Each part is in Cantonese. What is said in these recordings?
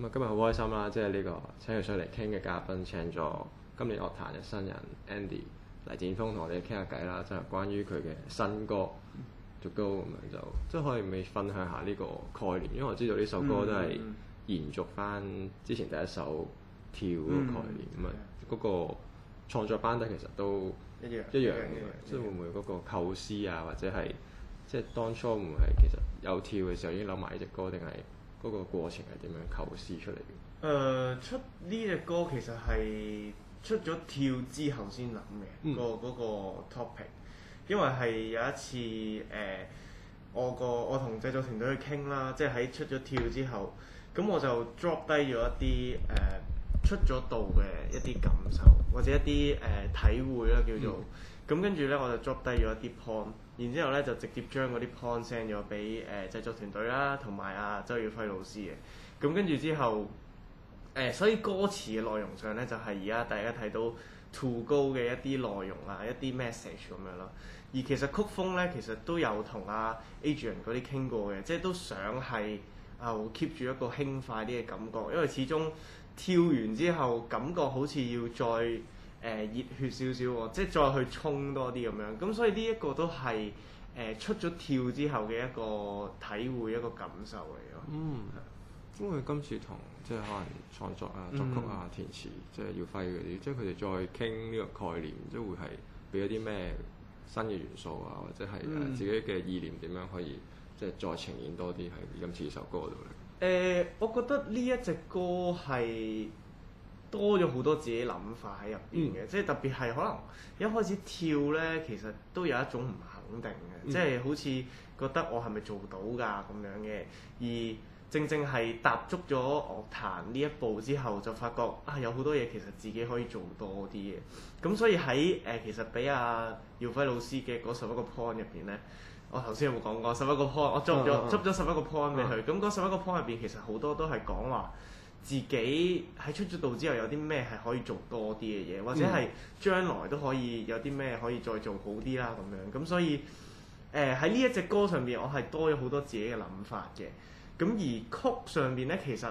咁啊，今日好開心啦！即係呢、這個請佢上嚟傾嘅嘉賓，請咗今年樂壇嘅新人 Andy 黎展峯同我哋傾下偈啦，就係、是、關於佢嘅新歌《To Go》咁樣，就即係可以咪分享下呢個概念？因為我知道呢首歌都係延續翻之前第一首跳嘅概念，咁啊嗰個創作班底其實都一樣一樣，嗯嗯、即係會唔會嗰個構思啊，或者係即係當初會唔會係其實有跳嘅時候已經諗埋呢隻歌，定係？嗰個過程係點樣構思出嚟嘅、呃？出呢隻歌其實係出咗跳之後先諗嘅，個嗰、嗯、個 topic，因為係有一次誒、呃，我個我同製作團隊去傾啦，即係喺出咗跳之後，咁我就 drop 低咗一啲誒、呃、出咗道嘅一啲感受，或者一啲誒、呃、體會啦，叫做咁跟住呢，我就 drop 低咗一啲 point。然之後咧，就直接將嗰啲 p o i n t send 咗俾誒製作團隊啦，同埋阿周耀輝老師嘅。咁跟住之後，誒、呃、所以歌詞嘅內容上咧，就係而家大家睇到 too 高嘅一啲內容啊，一啲 message 咁樣咯。而其實曲風咧，其實都有同阿、啊、A 主音嗰啲傾過嘅，即係都想係啊 keep 住一個輕快啲嘅感覺，因為始終跳完之後感覺好似要再～誒、呃、熱血少少喎，即係再去衝多啲咁樣，咁所以呢一個都係誒出咗跳之後嘅一個體會，一個感受嚟咯。嗯，咁佢今次同即係可能創作啊、作曲啊、填詞，即係要輝耀輝嗰啲，嗯、即係佢哋再傾呢個概念，即係會係俾一啲咩新嘅元素啊，或者係、啊嗯、自己嘅意念點樣可以即係再呈現多啲喺今次呢首歌度咧。誒、呃，我覺得呢一隻歌係。多咗好多自己諗法喺入邊嘅，嗯、即係特別係可能一開始跳呢，其實都有一種唔肯定嘅，即係、嗯、好似覺得我係咪做到㗎咁樣嘅。而正正係踏足咗樂壇呢一步之後，就發覺啊，有好多嘢其實自己可以做多啲嘅。咁所以喺誒、呃、其實俾阿耀輝老師嘅嗰十一個 point 入邊呢，我頭先有冇講過十一個 point？啊、我執咗執咗十一個 point 俾佢。咁嗰十一個 point 入邊其實好多都係講話，自己喺出咗道之後有啲咩係可以做多啲嘅嘢，或者係將來都可以有啲咩可以再做好啲啦咁樣。咁所以誒喺呢一隻歌上面，我係多咗好多自己嘅諗法嘅。咁而曲上面呢，其實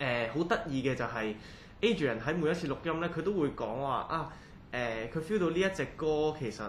誒好得意嘅就係 Adrian 喺每一次錄音呢，佢都會講話啊誒，佢、呃、feel 到呢一隻歌其實誒、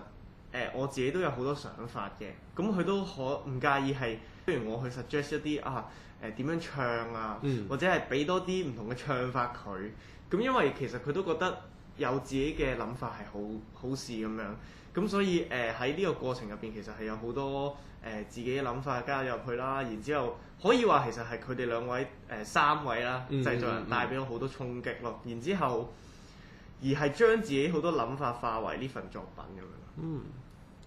呃、我自己都有好多想法嘅。咁佢都可唔介意係，不如我去 suggest 一啲啊。誒點、呃、樣唱啊？嗯、或者係俾多啲唔同嘅唱法佢。咁因為其實佢都覺得有自己嘅諗法係好好事咁樣。咁所以誒喺呢個過程入邊，其實係有好多誒、呃、自己嘅諗法加入去啦。然之後可以話其實係佢哋兩位誒、呃、三位啦，製作、嗯、人帶俾我好多衝擊咯。然之後而係將自己好多諗法化為呢份作品咁樣。嗯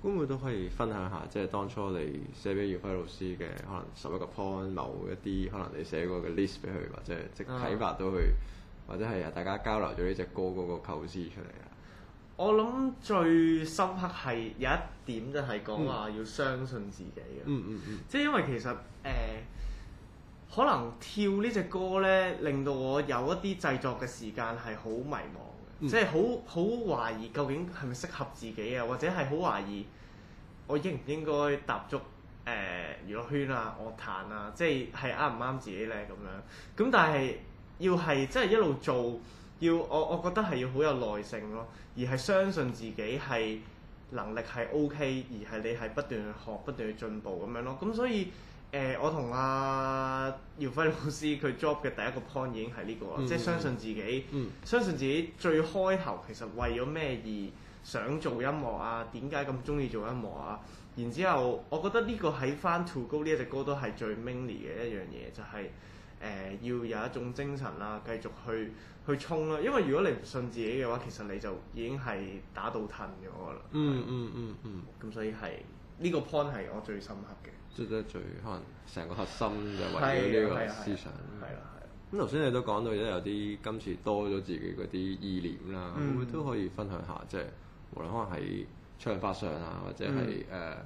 會唔會都可以分享下，即係當初你寫俾耀輝老師嘅可能十一個 point，某一啲可能你寫過嘅 list 俾佢，或者即係啟發到佢，嗯、或者係啊大家交流咗呢隻歌個構思出嚟啊！我諗最深刻係有一點就係講話要相信自己嘅，嗯嗯嗯嗯即係因為其實誒、呃、可能跳呢隻歌咧，令到我有一啲製作嘅時間係好迷茫。即係好好懷疑究竟係咪適合自己啊，或者係好懷疑我應唔應該踏足誒娛樂圈啊、樂壇啊，即係係啱唔啱自己咧咁樣。咁但係要係即係一路做，要我我覺得係要好有耐性咯、啊，而係相信自己係能力係 OK，而係你係不斷去學、不斷去進步咁樣咯、啊。咁所以。誒、呃，我同阿耀輝老師佢 job 嘅第一個 point 已經係呢個啦，嗯、即係相信自己，嗯、相信自己最開頭其實為咗咩而想做音樂啊？點解咁中意做音樂啊？然之後，我覺得呢個喺翻 To Go 呢一隻歌都係最 mainly 嘅一樣嘢，就係、是、誒、呃、要有一種精神啦，繼續去去衝啦。因為如果你唔信自己嘅話，其實你就已經係打到褪咗啦。嗯嗯嗯嗯，咁所以係呢、這個 point 係我最深刻嘅。出得最可能成個核心就係為咗呢個思想。係啦，係啦。咁頭先你都講到有啲今次多咗自己嗰啲意念啦，嗯、會唔會都可以分享下？即係無論可能喺唱法上啊，或者係誒、嗯、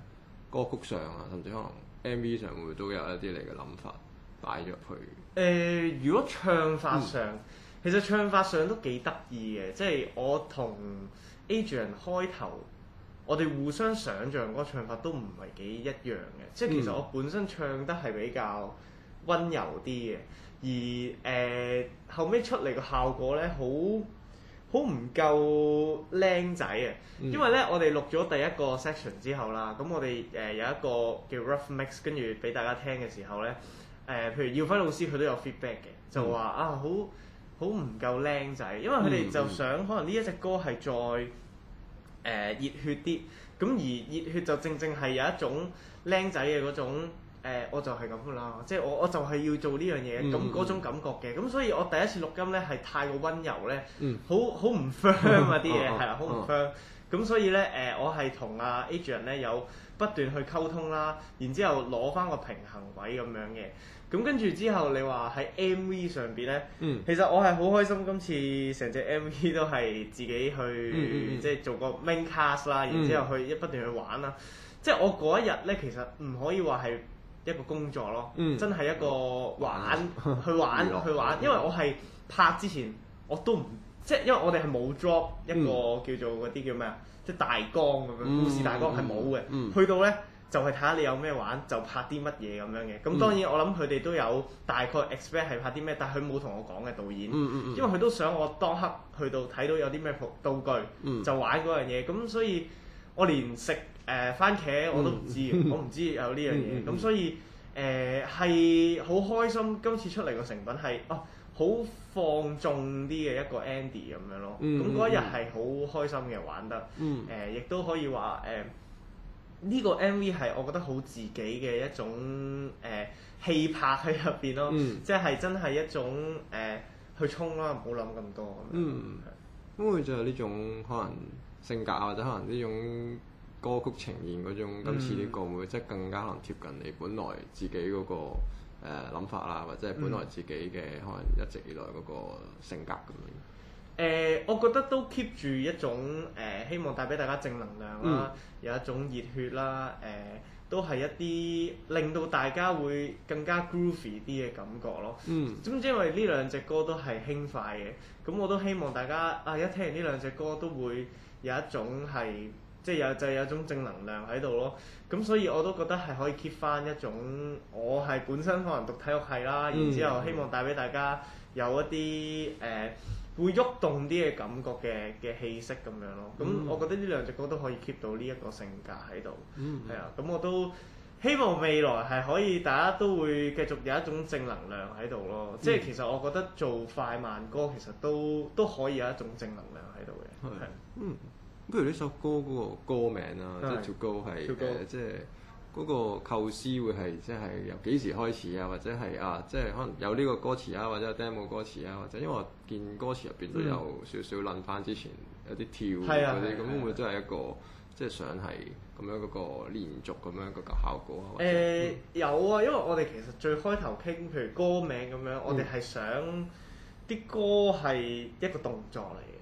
歌曲上啊，甚至可能 MV 上，會，會都有一啲你嘅諗法擺咗入去？誒、呃，如果唱法上，嗯、其實唱法上都幾得意嘅，即係我同 Adrian 開頭。我哋互相想像嗰唱法都唔係幾一樣嘅，即係其實我本身唱得係比較温柔啲嘅，而誒、呃、後尾出嚟個效果咧，好好唔夠靚仔啊！因為咧，我哋錄咗第一個 section 之後啦，咁我哋誒、呃、有一個叫 rough mix，跟住俾大家聽嘅時候咧，誒、呃、譬如耀輝老師佢都有 feedback 嘅，就話啊好好唔夠靚仔，因為佢哋就想可能呢一隻歌係再～誒、呃、熱血啲，咁而熱血就正正係有一種僆仔嘅嗰種、呃、我就係咁啦，即係我我就係要做呢、嗯、樣嘢，咁嗰種感覺嘅，咁所以我第一次錄音咧係太過温柔咧、嗯，好好唔 firm 啊啲嘢係啦，好唔 firm，咁所以咧誒、呃、我係同阿 Adrian 咧有不斷去溝通啦，然之後攞翻個平衡位咁樣嘅，咁跟住之後你話喺 M.V. 上邊呢，嗯、其實我係好開心，今次成隻 M.V. 都係自己去即係、嗯、做個 main cast 啦，然之後去一、嗯、不斷去玩啦，即係我嗰一日呢，其實唔可以話係一個工作咯，嗯、真係一個玩、嗯、去玩去玩，因為我係拍之前我都唔即係因為我哋係冇 drop 一個叫做嗰啲叫咩啊？即大綱咁樣，故事、嗯、大綱係冇嘅。嗯嗯、去到呢，就係睇下你有咩玩，就拍啲乜嘢咁樣嘅。咁當然我諗佢哋都有大概 expect 係拍啲咩，但係佢冇同我講嘅導演，嗯嗯、因為佢都想我當刻去到睇到有啲咩道具、嗯、就玩嗰樣嘢。咁所以我連食誒、呃、番茄我都唔知，嗯、我唔知有呢樣嘢。咁、嗯嗯嗯、所以誒係好開心，今次出嚟個成品係哦。啊好放縱啲嘅一個 Andy 咁樣咯，咁嗰一日係好開心嘅玩得，誒亦都可以話誒呢個 MV 係我覺得好自己嘅一種誒氣魄喺入邊咯，嗯、即係真係一種誒、呃、去衝啦，唔好諗咁多咁樣。嗯，會對就係呢種可能性格或者可能呢種歌曲呈現嗰種，嗯、今次啲歌會即係更加能貼近你本來自己嗰、嗰個。誒諗法啦，或者係本來自己嘅可能一直以來嗰個性格咁樣。我覺得都 keep 住一種誒、呃，希望帶俾大家正能量啦，嗯、有一種熱血啦、呃，都係一啲令到大家會更加 groovy 啲嘅感覺咯。嗯，咁因為呢兩隻歌都係輕快嘅，咁我都希望大家啊一聽完呢兩隻歌都會有一種係即係有就、有一種正能量喺度咯。咁所以我都覺得係可以 keep 翻一種，我係本身可能讀體育系啦，嗯、然之後希望帶俾大家有一啲誒、嗯呃、會喐動啲嘅感覺嘅嘅氣息咁樣咯。咁、嗯、我覺得呢兩隻歌都可以 keep 到呢一個性格喺度，係、嗯嗯、啊。咁我都希望未來係可以大家都會繼續有一種正能量喺度咯。即係、嗯、其實我覺得做快慢歌其實都都可以有一種正能量喺度嘅，係嗯。是嗯不如呢首歌個歌名啊，即係 To Go 係誒，即係個構思會係即係由幾時開始啊？或者係啊，即係可能有呢個歌詞啊，或者 demo 歌詞啊，或者因為我見歌詞入邊都有、嗯、少少諗翻之前有啲跳嗰啲，咁會唔會都係一個即係想係咁樣個連續咁樣個效果啊？誒、呃、有啊，因為我哋其實最開頭傾譬如歌名咁樣，嗯、我哋係想啲歌係一個動作嚟。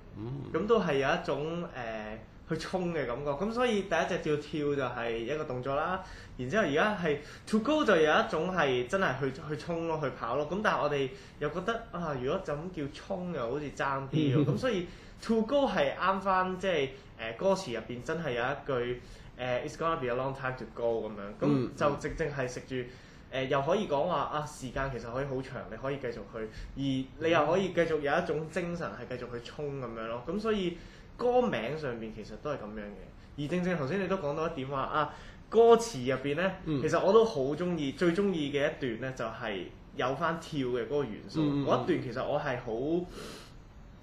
咁、嗯、都係有一種誒、呃、去衝嘅感覺，咁、嗯、所以第一隻叫跳就係一個動作啦。然之後而家係 To Go 就有一種係真係去去衝咯，去跑咯。咁但係我哋又覺得啊、呃，如果就咁叫衝又好似爭啲咁，所以 To Go 係啱翻，即係誒歌詞入邊真係有一句誒、呃、it's gonna be a long time to go 咁樣。咁就正正係食住。誒、呃、又可以講話啊，時間其實可以好長，你可以繼續去，而你又可以繼續有一種精神係繼續去衝咁樣咯。咁、嗯、所以歌名上面其實都係咁樣嘅。而正正頭先你都講到一點話啊，歌詞入邊呢，其實我都好中意，嗯、最中意嘅一段呢，就係、是、有翻跳嘅嗰個元素。嗰、嗯、一段其實我係好、嗯、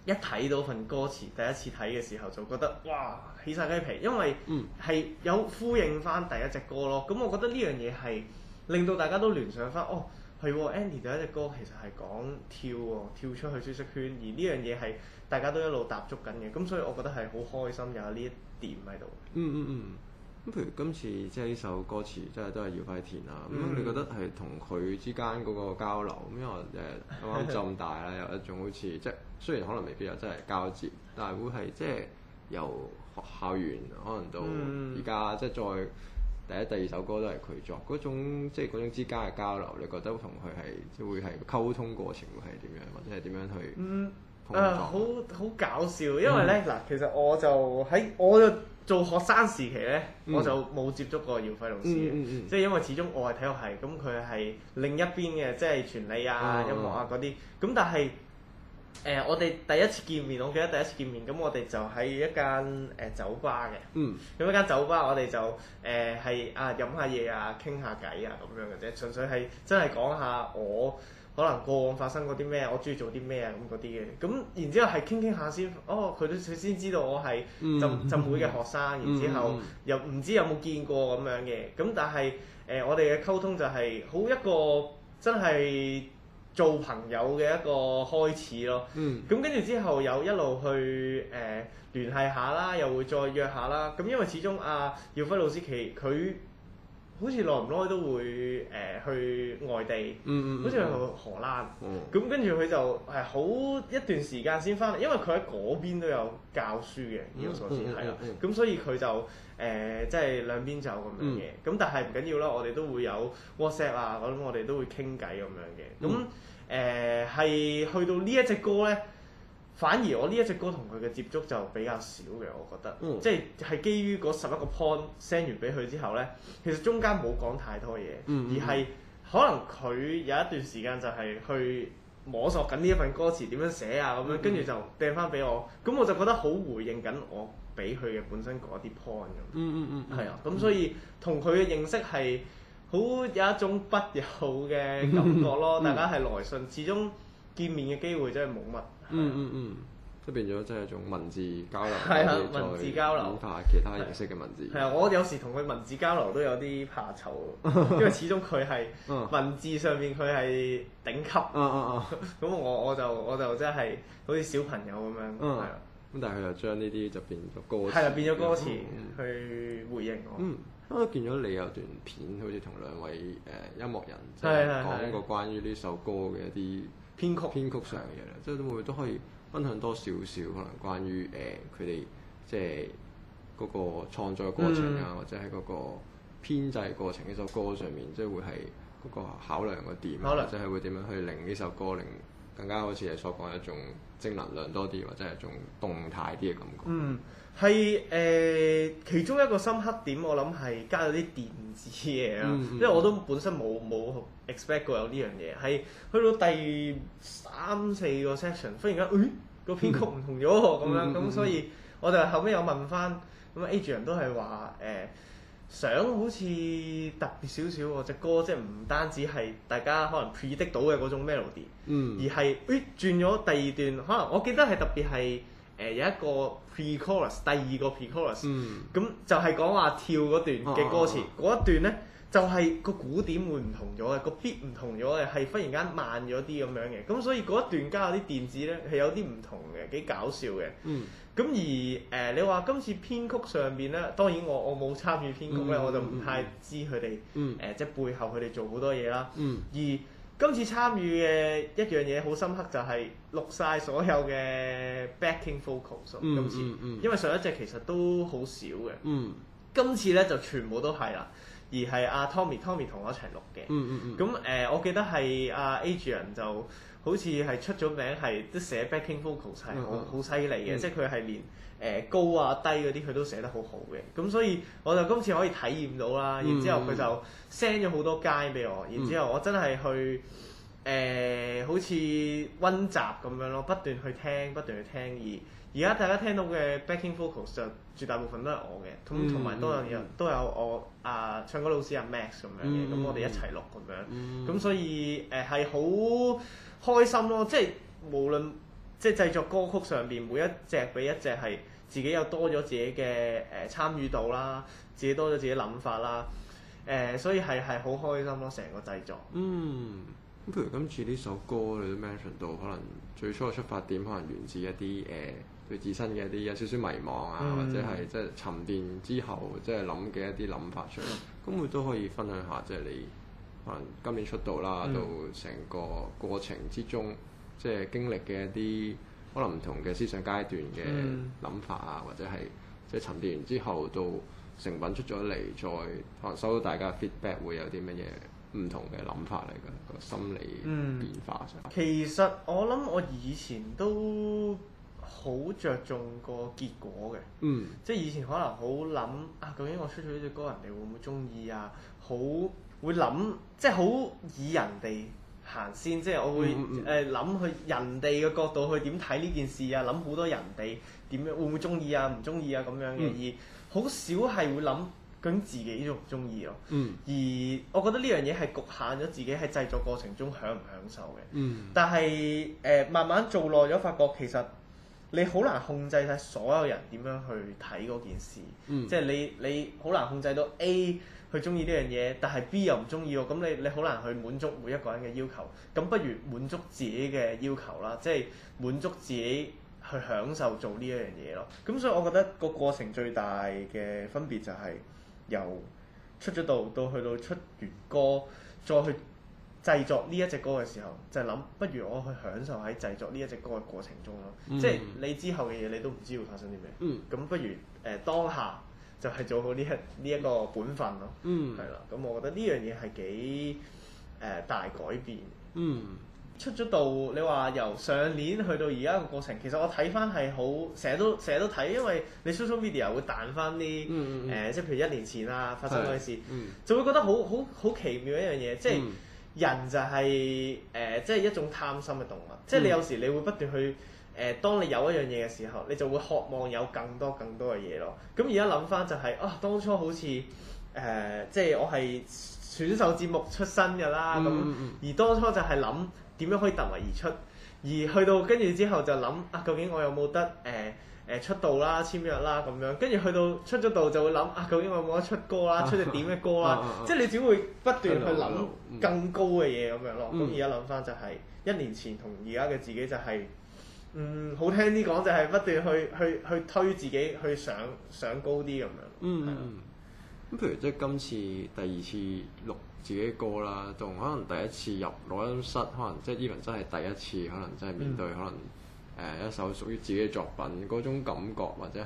一睇到一份歌詞，第一次睇嘅時候就覺得哇起晒雞皮，因為係、嗯嗯、有呼應翻第一隻歌咯。咁我覺得呢樣嘢係。令到大家都聯想翻，哦，係、哦、Andy 第一隻歌其實係講跳喎，跳出去舒適圈，而呢樣嘢係大家都一路踏足緊嘅，咁、嗯、所以我覺得係好開心有呢一點喺度、嗯。嗯嗯嗯，咁譬如今次即係呢首歌詞真，真係都係耀輝填啊，咁你覺得係同佢之間嗰個交流，咁因為誒啱啱浸大咧 有一種好似即係雖然可能未必又真係交接，但係會係即係由學校園可能到而家、嗯、即係再。再再第一、第二首歌都係佢作，嗰種即係嗰種之間嘅交流，你覺得同佢係即係會係溝通過程會係點樣，或者係點樣去？嗯，啊、呃，好好搞笑，因為咧嗱，嗯、其實我就喺我就做學生時期咧，嗯、我就冇接觸過耀輝老師即係、嗯嗯嗯、因為始終我係體育系，咁佢係另一邊嘅，即係傳理啊、嗯、音樂啊嗰啲，咁、嗯、但係。誒、呃，我哋第一次見面，我記得第一次見面，咁我哋就喺一間誒、呃、酒吧嘅。嗯。咁一間酒吧我，我哋就誒係啊飲下嘢啊，傾下偈啊咁、啊、樣嘅啫，純粹係真係講下我可能過往發生過啲咩，我中意做啲咩啊咁嗰啲嘅。咁然之後係傾傾下先，哦，佢都佢先知道我係浸浸會嘅學生。然之後，嗯、後又唔知有冇見過咁樣嘅，咁但係誒、呃、我哋嘅溝通就係、是、好一個真係。真做朋友嘅一個開始咯，嗯，咁跟住之後有一路去誒聯繫下啦，又會再約下啦。咁因為始終阿、啊、耀輝老師，其佢。好似耐唔耐都會誒、呃、去外地，嗯嗯、好似去荷蘭，咁跟住佢就係好一段時間先翻嚟，因為佢喺嗰邊都有教書嘅，呢個所知係啦，咁、嗯嗯、所以佢就誒即係兩邊就咁、是、樣嘅，咁、嗯、但係唔緊要啦，我哋都會有 WhatsApp 啊，我諗我哋都會傾偈咁樣嘅，咁誒係去到呢一隻歌咧。反而我呢一隻歌同佢嘅接觸就比較少嘅，我覺得，嗯、即係基於嗰十一個 point send 完俾佢之後咧，其實中間冇講太多嘢，嗯嗯而係可能佢有一段時間就係去摸索緊呢一份歌詞點樣寫啊，咁樣跟住、嗯嗯、就掟翻俾我，咁我就覺得好回應緊我俾佢嘅本身嗰啲 point 咁，嗯,嗯嗯嗯，係啊，咁所以同佢嘅認識係好有一種筆友嘅感覺咯。嗯嗯嗯大家係來信，始終見面嘅機會真係冇乜。嗯嗯嗯，即、嗯、係、嗯、變咗即係一種文字交流，文再講下其他形式嘅文字。係啊，我有時同佢文字交流都有啲怕醜， 因為始終佢係文字上面佢係頂級，咁 嗯嗯嗯、 我我就我就真係好似小朋友咁樣。嗯，咁的但係佢就將呢啲就變咗歌詞，係啊，變咗歌詞、嗯、去回應我。嗯，我、嗯啊、見咗你有段片，好似同兩位誒、呃呃、音樂人、就係、講過關於呢首歌嘅一啲。編曲上嘅嘢啦，即係都會都可以分享多少少可能關於誒佢哋即係嗰個創作嘅過程啊，嗯、或者係嗰個編製過程呢首歌上面，即係會係嗰個考量嘅點，即係量會點樣去令呢首歌令。更加好似你所講一種正能量多啲，或者係一種動態啲嘅感覺。嗯，係誒、呃，其中一個深刻點，我諗係加咗啲電子嘢啊，嗯嗯、因為我都本身冇冇 expect 過有呢樣嘢，係去到第三四個 section，忽然間，哎、嗯，個編曲唔同咗咁樣，咁、嗯嗯、所以我就後尾有問翻，咁 A 主人都係話誒。呃想好似特別少少喎，隻歌即係唔單止係大家可能 predict 到嘅嗰種 melody，嗯、而係誒、哎、轉咗第二段，可能我記得係特別係誒、呃、有一個 pre-chorus，第二個 pre-chorus，咁、嗯、就係講話跳嗰段嘅歌詞，嗰、啊啊啊、一段咧。就係個鼓點會唔同咗嘅，個 beat 唔同咗嘅，係忽然間慢咗啲咁樣嘅，咁所以嗰一段加嗰啲電子呢，係有啲唔同嘅，幾搞笑嘅。嗯。咁而誒，你話今次編曲上邊呢，當然我我冇參與編曲呢，我就唔太知佢哋誒即係背後佢哋做好多嘢啦。嗯。而今次參與嘅一樣嘢好深刻就係錄晒所有嘅 backing vocals。今次，因為上一隻其實都好少嘅。嗯。今次呢就全部都係啦。而係阿 Tommy，Tommy 同我一齊錄嘅、嗯。嗯嗯嗯。咁誒、呃，我記得係阿、啊、Adrian 就好似係出咗名，係都寫 backing vocals 係好好犀利嘅，嗯、即係佢係連誒、呃、高啊低嗰啲佢都寫得好好嘅。咁所以我就今次可以體驗到啦。嗯、然之後佢就 send 咗好多 guide 俾我，然後之後我真係去誒、呃、好似温習咁樣咯，不斷去聽，不斷去聽而。而家大家聽到嘅 backing vocals 就絕大部分都係我嘅，同同埋都有、嗯、有都有我啊唱歌老師阿、啊、Max 咁樣嘅，咁、嗯、我哋一齊錄咁樣，咁、嗯、所以誒係好開心咯，即係無論即係製作歌曲上邊每一隻比一隻係自己又多咗自己嘅誒、呃、參與度啦，自己多咗自己諗法啦，誒、呃、所以係係好開心咯，成個製作。嗯，咁譬如今次呢首歌你都 mention 到，可能最初嘅出發點可能源自一啲誒、呃佢自身嘅一啲有少少迷茫啊，嗯、或者係即係沉澱之後即係諗嘅一啲諗法出嚟，咁佢、嗯、都可以分享下，即係你可能今年出道啦，嗯、到成個過程之中，即係經歷嘅一啲可能唔同嘅思想階段嘅諗法啊，嗯、或者係即係沉澱完之後到成品出咗嚟，再可能收到大家 feedback，會有啲乜嘢唔同嘅諗法嚟㗎？嗯、個心理變化上、嗯，其實我諗我以前都。好着重個結果嘅，嗯、即係以前可能好諗啊，究竟我出咗呢隻歌，人哋會唔會中意啊？好會諗，即係好以人哋行先，即係我會誒諗、嗯嗯呃、去人哋嘅角度去點睇呢件事啊？諗好多人哋點樣會唔會中意啊？唔中意啊咁樣嘅，嗯、而好少係會諗究竟自己中唔中意咯。嗯、而我覺得呢樣嘢係局限咗自己喺製作過程中享唔享受嘅。嗯、但係誒、呃，慢慢做耐咗，發覺其實你好難控制晒所有人點樣去睇嗰件事，即係、嗯、你你好難控制到 A 去中意呢樣嘢，但係 B 又唔中意喎，咁你你好難去滿足每一個人嘅要求，咁不如滿足自己嘅要求啦，即係滿足自己去享受做呢一樣嘢咯。咁所以我覺得個過程最大嘅分別就係由出咗道到去到出完歌再去。製作呢一隻歌嘅時候，就係、是、諗，不如我去享受喺製作呢一隻歌嘅過程中咯。嗯、即係你之後嘅嘢，你都唔知會發生啲咩。咁、嗯、不如誒、呃，當下就係做好呢一呢一個本分咯。係、嗯、啦，咁我覺得呢樣嘢係幾誒、呃、大改變。嗯，出咗道，你話由上年去到而家嘅過程，其實我睇翻係好成日都成日都睇，因為你 social media 又會彈翻啲誒，即係、嗯嗯呃、譬如一年前啊發生嗰啲事，就會覺得好好好奇妙一樣嘢，即係。即人就係、是、誒，即、呃、係、就是、一種貪心嘅動物，即係你有時你會不斷去誒、呃，當你有一樣嘢嘅時候，你就會渴望有更多更多嘅嘢咯。咁而家諗翻就係、是、啊，當初好似誒，即、呃、係、就是、我係選秀節目出身㗎啦，咁、嗯嗯嗯、而當初就係諗點樣可以突圍而出，而去到跟住之後就諗啊，究竟我有冇得誒、呃誒出道啦，簽約啦咁樣，跟住去到出咗道就會諗啊，究竟我有冇得出歌啦，出隻點嘅歌啦，即係你只會不斷去諗更高嘅嘢咁樣咯。咁而家諗翻就係一年前同而家嘅自己就係，嗯，好聽啲講就係不斷去去去推自己去上上高啲咁樣。嗯，咁譬如即係今次第二次錄自己嘅歌啦，仲可能第一次入錄音室，可能即係 even 真係第一次，可能真係面對可能。誒、呃、一首屬於自己嘅作品，嗰種感覺或者係誒、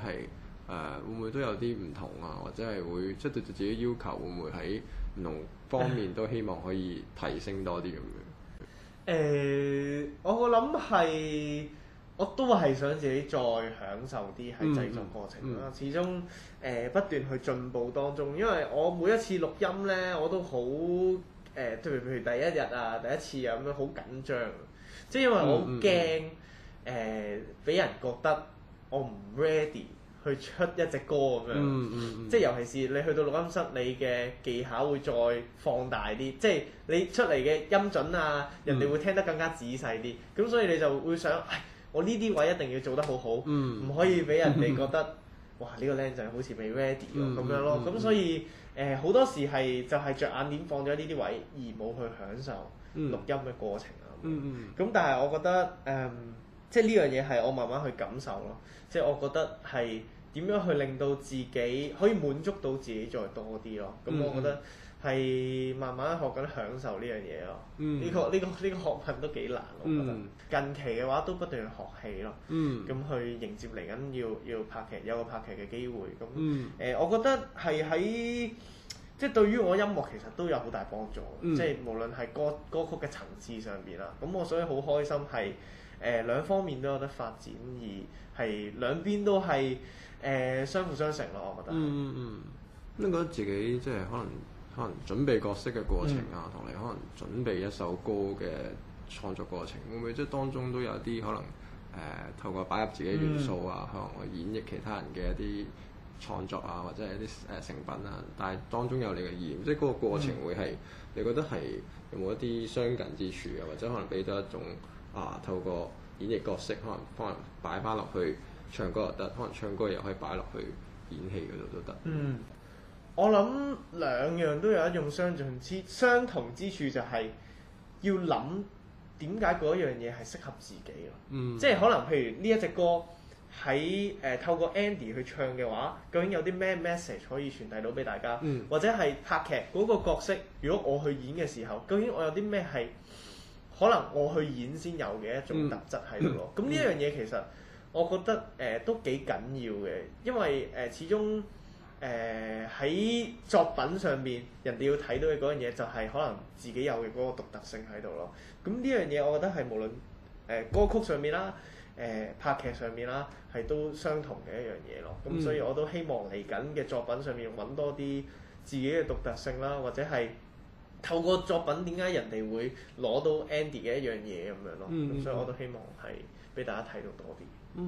呃、會唔會都有啲唔同啊？或者係會出係對自己要求會唔會喺唔同方面都希望可以提升多啲咁樣？誒、呃，我諗係我都係想自己再享受啲喺製作過程啦。嗯嗯、始終誒、呃、不斷去進步當中，因為我每一次錄音呢，我都好誒，譬如譬如第一日啊、第一次啊咁樣好緊張，即、就、係、是、因為我好驚、嗯。嗯誒俾人覺得我唔 ready 去出一隻歌咁樣，即係尤其是你去到錄音室，你嘅技巧會再放大啲，即係你出嚟嘅音準啊，人哋會聽得更加仔細啲。咁所以你就會想，我呢啲位一定要做得好好，唔可以俾人哋覺得，哇，呢個靚仔好似未 ready 咁樣咯。咁所以誒好多時係就係着眼點放咗呢啲位，而冇去享受錄音嘅過程啊。咁但係我覺得誒。即係呢樣嘢係我慢慢去感受咯，即係我覺得係點樣去令到自己可以滿足到自己再多啲咯。咁、嗯、我覺得係慢慢學緊享受呢樣嘢咯。呢、嗯這個呢、這個呢、這個學問都幾難。嗯、我覺得近期嘅話都不斷學戲咯，咁、嗯、去迎接嚟緊要要拍劇，有個拍劇嘅機會。咁誒、嗯呃，我覺得係喺即係對於我音樂其實都有好大幫助。嗯、即係無論係歌歌曲嘅層次上面啦，咁我所以好開心係。誒兩、呃、方面都有得發展，而係兩邊都係誒、呃、相輔相成咯，我覺得嗯。嗯嗯嗯。你覺得自己即係可能可能準備角色嘅過程啊，同、嗯、你可能準備一首歌嘅創作過程，會唔會即係當中都有啲可能誒、呃、透過擺入自己元素、嗯、啊，可能演繹其他人嘅一啲創作啊，或者一啲誒、呃、成品啊，但係當中有你嘅意即係嗰個過程會係、嗯、你覺得係有冇一啲相近之處啊，或者可能俾咗一種？啊！透過演繹角色，可能可能擺翻落去唱歌又得，可能唱歌又可以擺落去演戲嗰度都得。嗯，我諗兩樣都有一種相進之相同之處，就係要諗點解嗰樣嘢係適合自己咯。嗯，即係可能譬如呢一隻歌喺誒、呃、透過 Andy 去唱嘅話，究竟有啲咩 message 可以傳遞到俾大家？嗯，或者係拍劇嗰個角色，如果我去演嘅時候，究竟我有啲咩係，可能我去演先有嘅一種特質喺度咯，咁呢樣嘢其實我覺得誒、呃、都幾緊要嘅，因為誒、呃、始終誒喺作品上面，人哋要睇到嘅嗰樣嘢就係可能自己有嘅嗰個獨特性喺度咯。咁呢樣嘢我覺得係無論誒、呃、歌曲上面啦，誒、呃、拍劇上面啦，係都相同嘅一樣嘢咯。咁、嗯、所以我都希望嚟緊嘅作品上面揾多啲自己嘅獨特性啦，或者係。透過作品點解人哋會攞到 Andy 嘅一樣嘢咁樣咯，咁、嗯、所以我都希望係俾大家睇到多啲。嗯，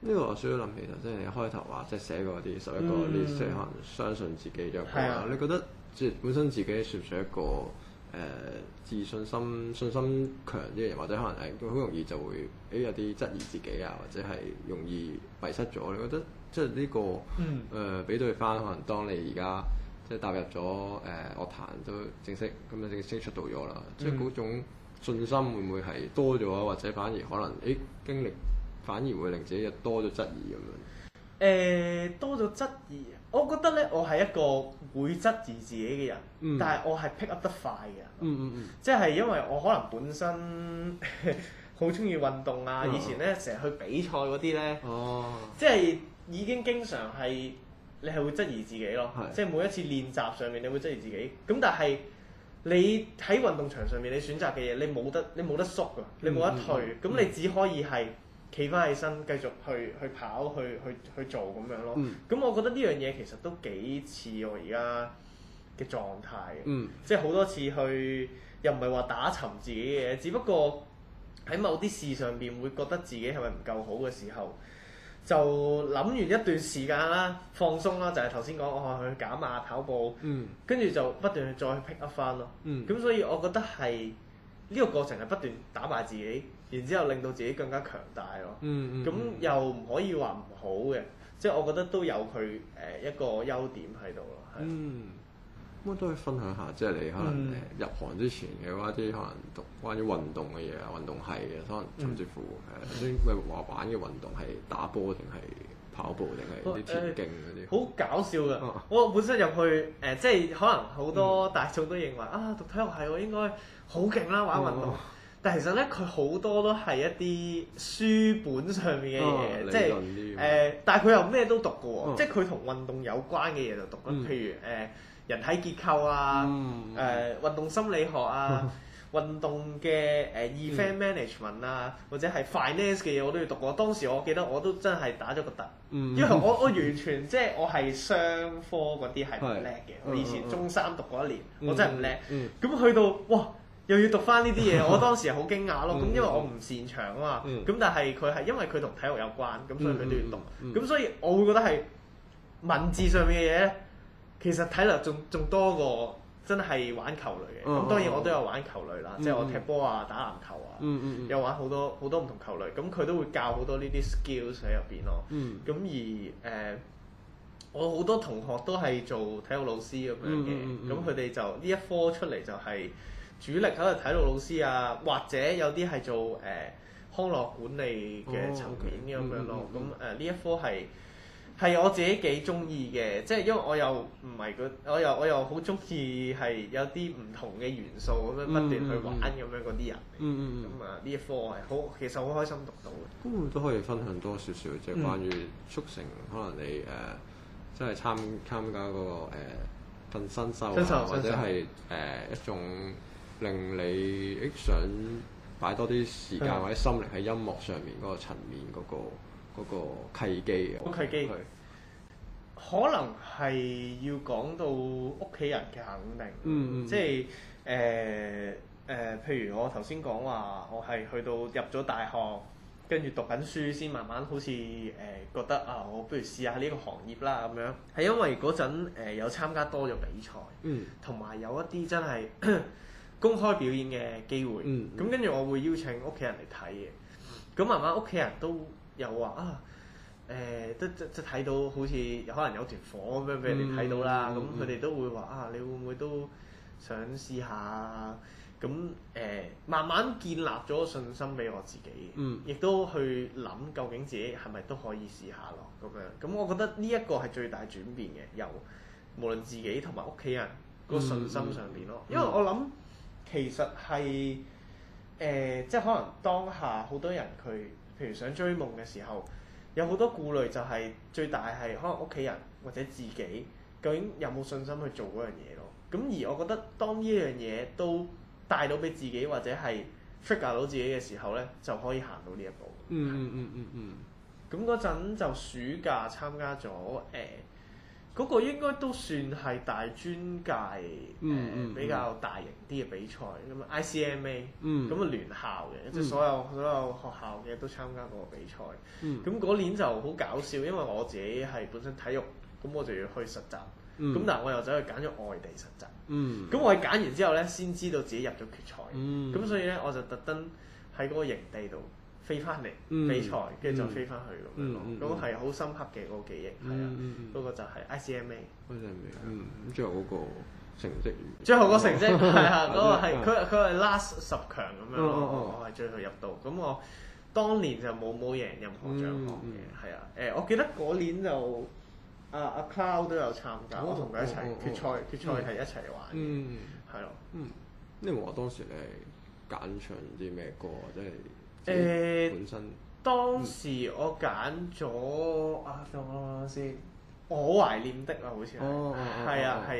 呢、這個我需要諗起就即係你開頭話，即係寫過啲十一個呢、嗯、些寫可能相信自己就嘅話，的你覺得即係本身自己算唔算一個誒、呃、自信心信心強啲嘅人，或者可能係都好容易就會誒、欸、有啲質疑自己啊，或者係容易迷失咗？你覺得即係呢、這個誒、呃、比對返可能當你而家？即係踏入咗誒、呃、樂壇都正式，咁樣正式出道咗啦。即係嗰種信心會唔會係多咗啊？嗯、或者反而可能誒、哎、經歷，反而會令自己又多咗質疑咁樣。誒、呃、多咗質疑，我覺得咧，我係一個會質疑自己嘅人，嗯、但係我係 pick up 得快嘅。嗯嗯嗯，即係因為我可能本身好中意運動啊，以前咧成日去比賽嗰啲咧，即係、哦、已經經常係。你係會質疑自己咯，的即係每一次練習上面，你會質疑自己。咁但係你喺運動場上面，你選擇嘅嘢，你冇得你冇得縮㗎，你冇得退。咁、嗯嗯、你只可以係企翻起身，繼續去去跑，去去去做咁樣咯。咁、嗯、我覺得呢樣嘢其實都幾似我而家嘅狀態。即係好多次去，又唔係話打沉自己嘅嘢，只不過喺某啲事上面會覺得自己係咪唔夠好嘅時候。就諗完一段時間啦，放鬆啦，就係頭先講，哦、哎，去減壓、跑步，跟住、嗯、就不斷再 pick up 翻咯。咁、嗯、所以我覺得係呢個過程係不斷打埋自己，然之後令到自己更加強大咯。咁、嗯嗯、又唔可以話唔好嘅，即係、嗯、我覺得都有佢誒一個優點喺度咯。咁都可以分享下，即係你可能誒入行之前嘅話，啲可能讀關於運動嘅嘢啊，運動系嘅，可能甚至乎誒啲咩玩嘅運動係打波定係跑步定係啲田徑嗰啲。好、啊呃、搞笑嘅，啊、我本身入去誒、呃，即係可能好多大眾都認為、嗯、啊，讀體育係喎，應該好勁啦，玩運動。嗯、但係其實咧，佢好多都係一啲書本上面嘅嘢，即係誒，但係佢又咩都讀過，即係佢同運動有關嘅嘢就讀啦，譬、啊、如誒。呃嗯人體結構啊，誒運動心理學啊，運動嘅誒 event management 啊，或者係 finance 嘅嘢，我都要讀。我當時我記得我都真係打咗個突，因為我我完全即係我係商科嗰啲係唔叻嘅。我以前中三讀過一年，我真係唔叻。咁去到哇，又要讀返呢啲嘢，我當時好驚訝咯。咁因為我唔擅長啊嘛。咁但係佢係因為佢同體育有關，咁所以佢都要讀。咁所以，我會覺得係文字上面嘅嘢。其實體能仲仲多過真係玩球類嘅，咁當然我都有玩球類啦，即係我踢波啊、打籃球啊，又玩好多好多唔同球類，咁佢都會教好多呢啲 skills 喺入邊咯。咁而誒，我好多同學都係做體育老師咁樣嘅，咁佢哋就呢一科出嚟就係主力喺度體育老師啊，或者有啲係做誒康樂管理嘅層面咁樣咯。咁誒呢一科係。係我自己幾中意嘅，即係因為我又唔係個，我又我又好中意係有啲唔同嘅元素咁樣不斷去玩咁樣嗰啲人，咁啊呢一科係好，其實好開心讀到嘅。都、嗯、可，可以分享多少少，即係關於促成可能你誒，即係參參加嗰、那個誒頓新秀或者係誒、呃、一種令你想擺多啲時間、嗯、或者心靈喺音樂上面嗰、那個層面嗰個。嗰個契機，契、okay, 機、okay. 可能係要講到屋企人嘅肯定，嗯、即係誒誒，譬如我頭先講話，我係去到入咗大學，跟住讀緊書，先慢慢好似誒、呃、覺得啊，我不如試下呢個行業啦咁樣。係因為嗰陣、呃、有參加多咗比賽，同埋、嗯、有一啲真係 公開表演嘅機會，咁跟住我會邀請屋企人嚟睇嘅，咁慢慢屋企人都～又話啊，誒、呃，都都都睇到好似可能有團火咁樣俾你睇到啦，咁佢哋都會話啊，你會唔會都想試下咁誒，慢慢建立咗信心俾我自己，嗯、亦都去諗究竟自己係咪都可以試下咯？咁樣，咁我覺得呢一個係最大轉變嘅，由無論自己同埋屋企人個信心上面咯，嗯嗯、因為我諗其實係誒、呃，即係可能當下好多人佢。譬如想追夢嘅時候，有好多顧慮、就係，就係最大係可能屋企人或者自己，究竟有冇信心去做嗰樣嘢咯？咁而我覺得，當呢一樣嘢都帶到俾自己，或者係 figure 到自己嘅時候咧，就可以行到呢一步。嗯嗯嗯嗯嗯。咁嗰陣就暑假參加咗誒。呃嗰個應該都算係大專界誒、嗯呃、比較大型啲嘅比賽咁啊，ICMA 咁啊、嗯、聯校嘅，即係所有、嗯、所有學校嘅都參加嗰個比賽。咁嗰、嗯、年就好搞笑，因為我自己係本身體育，咁我就要去實習。咁但、嗯、我又走去揀咗外地實習。咁、嗯、我係揀完之後呢，先知道自己入咗決賽。咁、嗯、所以呢，我就特登喺嗰個營地度，飛翻嚟比賽，跟住就飛翻去咁樣咯。咁係好深刻嘅嗰個記憶，係啊。嗰個就係 ICMA。嗯，最後嗰個成績。最後個成績係啊，嗰個係佢佢係 last 十強咁樣咯。我係最後入到，咁我當年就冇冇贏任何獎項嘅，係啊。誒，我記得嗰年就阿阿 Cloud 都有參加，我同佢一齊決賽，決賽係一齊玩嘅。係咯。嗯。你話當時你係揀唱啲咩歌啊？即係。誒，呃、身當時我揀咗、嗯、啊，等我諗下先。我懷念的好、哦、啊，好似係，係啊，係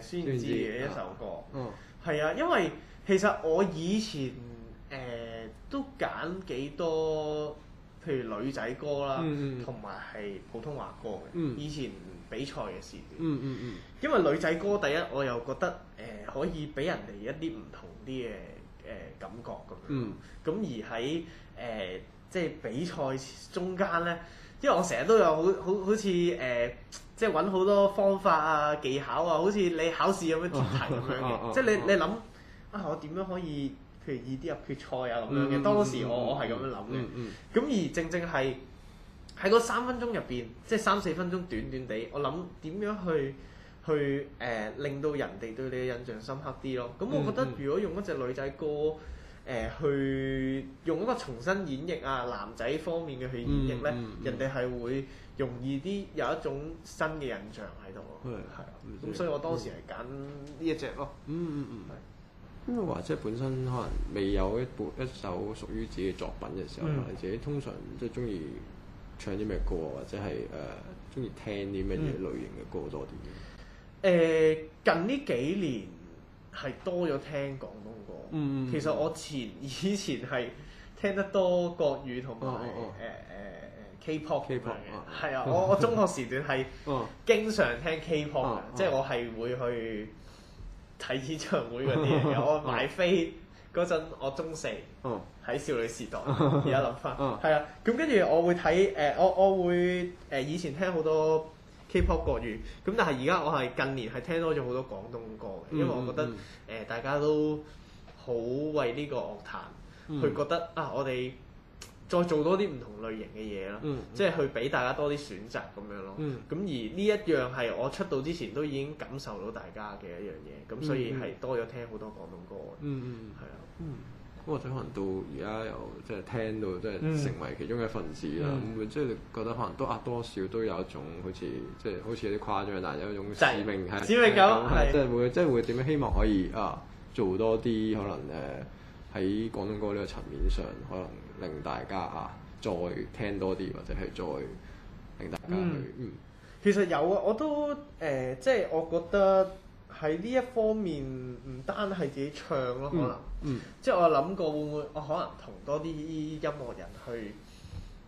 誒誒，孫燕姿嘅一首歌。嗯。係、嗯、啊，因為其實我以前誒、呃、都揀幾多，譬如女仔歌啦，同埋係普通話歌嘅。嗯、以前比賽嘅時段、嗯。嗯嗯嗯。嗯嗯因為女仔歌第一，我又覺得誒可以俾人哋一啲唔同啲嘅。誒、呃、感覺咁樣，咁而喺誒、呃、即係比賽中間呢，因為我成日都有好好好似誒、呃，即係揾好多方法啊、技巧啊，好似你考試有咩填題咁樣嘅， 即係你你諗啊，我點樣可以譬如易啲入決賽啊咁樣嘅？當時我我係咁樣諗嘅，咁 而正正係喺嗰三分鐘入邊，即係三四分鐘短短地，我諗點樣去。去誒、呃、令到人哋對你嘅印象深刻啲咯。咁我覺得，嗯、如果用一隻女仔歌誒、呃、去用一個重新演繹啊，男仔方面嘅去演繹咧，嗯嗯嗯、人哋係會容易啲有一種新嘅印象喺度。係啊，咁所以我當時係揀呢一隻咯。嗯嗯嗯，因咁或者本身可能未有一部一首屬於自己嘅作品嘅時候，嗯嗯、或者自己通常即係中意唱啲咩歌啊，或者係誒中意聽啲咩嘢類型嘅歌多啲。嗯嗯誒、嗯、近呢幾年係多咗聽廣東歌，嗯、其實我前以前係聽得多國語同埋誒誒 K-pop 嘅，係啊、哦，我我中學時段係經常聽 K-pop 嘅，即係、uh, 我係會去睇演唱會嗰啲嘢嘅，uh, uh, 我買飛嗰陣我中四喺、uh, uh, 少女時代，而家諗翻係啊，咁、 嗯、跟住我會睇誒、嗯，我我會誒以前聽好多。K-pop 國語咁，但係而家我係近年係聽多咗好多廣東歌嘅，因為我覺得誒、mm hmm. 呃、大家都好為呢個樂壇、mm hmm. 去覺得啊，我哋再做多啲唔同類型嘅嘢咯，mm hmm. 即係去俾大家多啲選擇咁樣咯。咁、mm hmm. 而呢一樣係我出道之前都已經感受到大家嘅一樣嘢，咁所以係多咗聽好多廣東歌嘅，係啊。咁或者可能到而家又即係聽到，即係成為其中嘅份子啦。咁即係你覺得可能都啊多少都有一種好似即係好似有啲誇張，但係有一種使命係使命感，係即係會即係會點樣希望可以啊做多啲可能誒喺、呃、廣東歌呢個層面上，可能令大家啊再聽多啲，或者係再令大家去嗯。嗯其實有啊，我都誒、呃，即係我覺得。喺呢一方面唔單係自己唱咯，可能，嗯嗯、即係我諗過會唔會，我可能同多啲音樂人去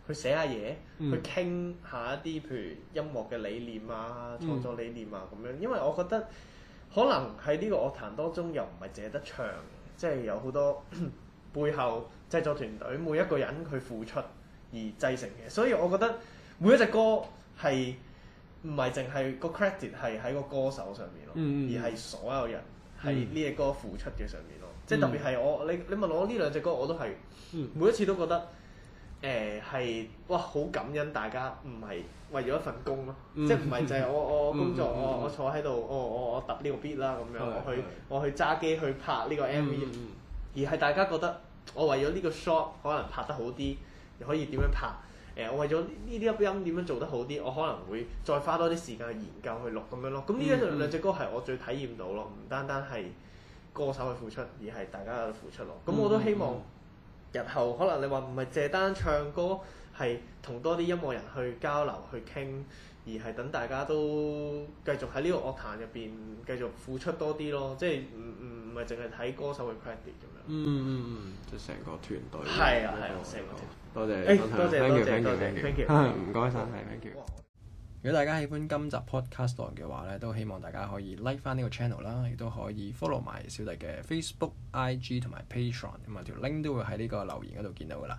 去寫下嘢，嗯、去傾下一啲譬如音樂嘅理念啊、創作理念啊咁、嗯、樣，因為我覺得可能喺呢個樂壇當中又唔係淨係得唱，即、就、係、是、有好多背後製作團隊每一個人去付出而製成嘅。所以我覺得每一隻歌係。唔係淨係個 credit 係喺個歌手上面咯，嗯、而係所有人喺呢隻歌付出嘅上面咯。嗯、即係特別係我你你問我呢兩隻歌我都係，嗯、每一次都覺得誒，係、呃，哇好感恩大家，唔係為咗一份工咯，嗯、即係唔係就係我我工作、嗯、我我坐喺度、嗯、我我我揼呢個 beat 啦咁樣，我去我去揸機去拍呢個 MV，嗯、而係大家覺得我為咗呢個 shot 可能拍得好啲，又可以點樣拍？誒，我為咗呢啲音點樣做得好啲，我可能會再花多啲時間去研究去錄咁樣咯。咁呢一兩隻歌係我最體驗到咯，唔單單係歌手去付出，而係大家嘅付出咯。咁我都希望日後可能你話唔係借單唱歌，係同多啲音樂人去交流去傾。而係等大家都繼續喺呢個樂壇入邊繼續付出多啲咯，即係唔唔唔係淨係睇歌手嘅 credit 咁樣。嗯嗯嗯，即係成個團隊。係啊係啊，成個多謝多謝多謝多謝，唔該晒 Thank you。如果大家喜歡今集 podcast 嘅話咧，都希望大家可以 like 翻呢個 channel 啦，亦都可以 follow 埋小弟嘅 Facebook、IG 同埋 Patreon，同埋條 link 都會喺呢個留言嗰度見到噶啦。